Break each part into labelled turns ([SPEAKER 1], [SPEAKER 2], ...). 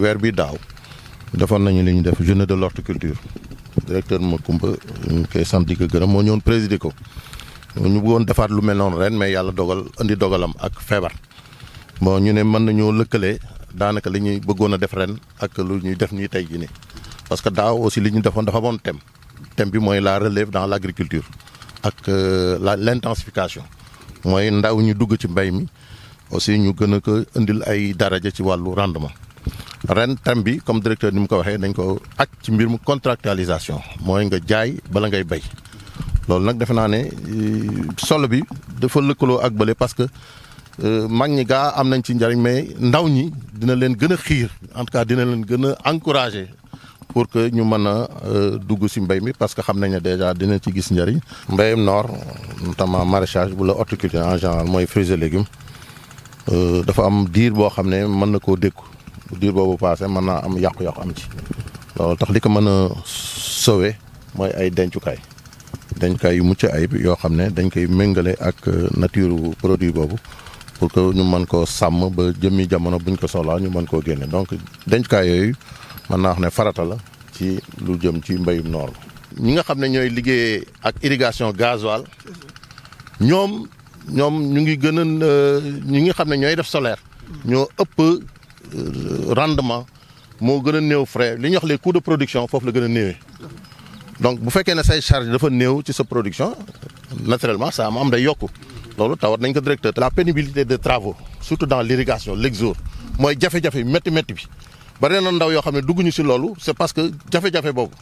[SPEAKER 1] weer bi daaw defoon nañu li ñu def jeune de l'horticulture directeur Macoumba ñu koy sant di ko gërëm moo ñëwoon présider ko ñu bëggoon defaat lu mel noonu ren mais yàlla dogal indi dogalam ak feebar moo ñu ne mën nañoo lëkkalee daanaka li ñuy bëggoon a def ren ak lu ñuy def nii tey jii ni parce que daaw aussi li ñu defoon dafa amoon thème thème bi mooy la relève dans l'agriculture ak euh, la l'intensification mooy ndaw ñu dugg ci mbay mi aussi ñu gën a ko indil ay daraja ci wàllu rendement ren tam bi comme directeur ni mu ko waxee dañ ko aj ci mbir mu contractualisation mooy nga jaay bala ngay bay loolu nag defe naa ne euh, solo bi dafa lëkkaloo ak bële parce que euh, mag ñi gaa am nañ ci njariñ mais ndaw ñi dina leen gën a xiir en tout dina leen gën a encourager pour que ñu mën a euh, dugg si mbéy mi parce que xam nañ ne déjà dina ci gis njariñ mbéyam noor notamment maraîchage bu la horticulture en général mooy fruits et légumes dafa am diir boo xam ne mën na koo dékku pour diir boobu passé mën naa am yàqu-yàqu am ci loolu tax li ko mën a sauver mooy ay dencukaay dencukaay yu mucc ayib yoo xam ne dañ koy méngale ak euh, nature produit boobu pour que ñu mën ko sàmm ba jëmmi jamono buñ ko soxlaa ñu mën koo génne donc dencukaay yooyu mën naa wax ne farata la ci lu jëm ci mbéyum noor ñi nga xam ne ñooy liggéey ak irrigation gasoil ñoom ñoom ñu ngi gën a euh, ñi nga xam ne ñooy def solaire ñoo ëpp rendement mon gën les coûts de production foofu la le a donc bu fekkee say charge dafa néew ci production naturellement ça am yokku directeur. la pénibilité des travaux surtout dans l'irrigation l'exode mooy jafe-jafe métti bi c'est parce que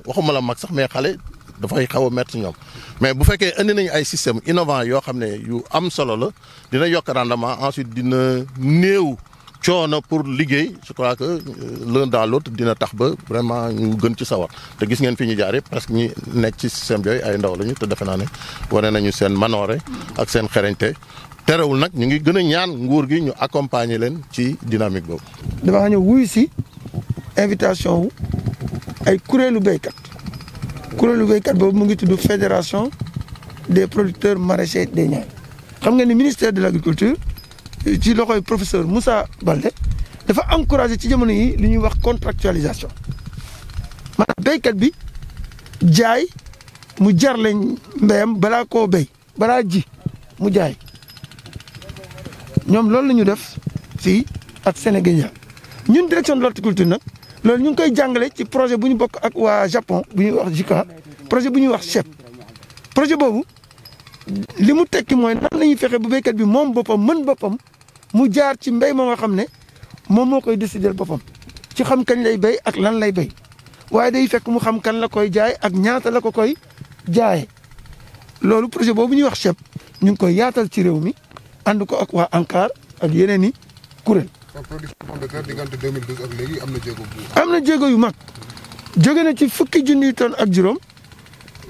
[SPEAKER 1] waxuma la mag mais a mais bu système innovant rendement ensuite dina coono pour liggéey je crois que euh, l'un dans l'autre dina tax ba vraiment ñu gën ci sawar te gis ngeen fi ñu jaar yëpp parce que ñu nekk ci système yooyu ay ndaw lañu te defe naa ne wane nañu seen manoore ak seen xereñte terewul nag ñu ngi gën a ñaan nguur gi ñu accompagner leen ci dynamique boobu.
[SPEAKER 2] dafa ñëw wuyu si invitation wu ay kuréelu béykat kuréelu béykat boobu mu ngi tudd fédération des producteurs maraîchers des Niayes xam nga ni ministère de l'agriculture. ci loxoy professeur Moussa Balde dafa encourager ci jamono yi li ñuy wax contractualisation maanaam béykat bi jaay mu jar lañ mbéyam balaa koo béy balaa ji mu jaay ñom loolu la ñu def ci ak Sénégal ñun direction de l'horticulture nag loolu ñu ngi koy jàngale ci projet bu ñu bokk ak waa Japon bu ñuy wax JICA projet bu ñuy wax chef projet boobu li mu tekki mooy nan la ñuy fexe bu béykat bi moom boppam mën boppam mu jaar ci mbéy moo nga xam ne moom moo koy décider boppam ci xam kañ lay bay ak lan lay bay waaye day fekk mu xam kan la koy jaay ak ñaata la ko koy jaayee loolu projet boobu ñuy wax CHEP ñu ngi koy yaatal ci réew mi ànd ko ak waa ANCAR ak yeneen i kuréel.
[SPEAKER 1] production pomme de terre diggante 2012 ak léegi am na jéego
[SPEAKER 2] am na jéego yu mag jóge na ci fukki junniy ton ak juróom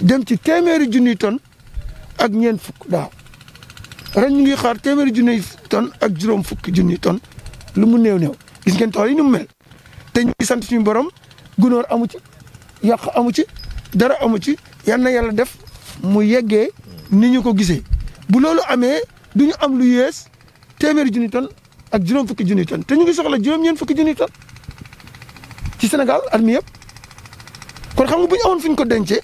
[SPEAKER 2] dem ci téeméeri junniy ton ak ñeent fukk daaw ren ñu ngi xaar téeméeri junniy ton ak juróom fukki junniy tonnes lu mu néew néew gis ngeen tool yi ni mu te sant suñu borom gunóor amu ci yàq amu ci dara amu ci yal na yàlla def mu yegge ni ñu ko gisee bu loolu amee du ñu am lu yees téeméeri junniy tonnes ak juróom fukki junniy tonnes te ñu ngi soxla juróom-ñeent fukki junniy tonnes ci Sénégal at yëpp kon xam nga bu ñu amoon fu ñu ko dencee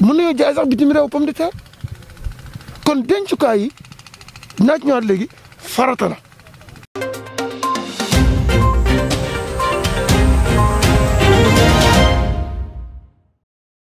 [SPEAKER 2] mën nañoo jaay sax bitim réew pomme de terre. kon dencukaay yi naaj ñëwaat léegi farata la.